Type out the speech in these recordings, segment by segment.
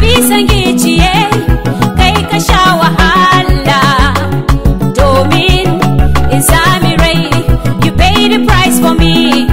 bisa giciye kai ka sha wahala domin in sami rai you pay the price for me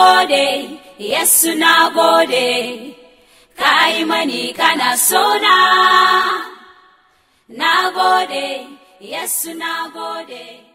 gode, Yesu na gode, ka mani kana sona. Na gode, Yesu na gode.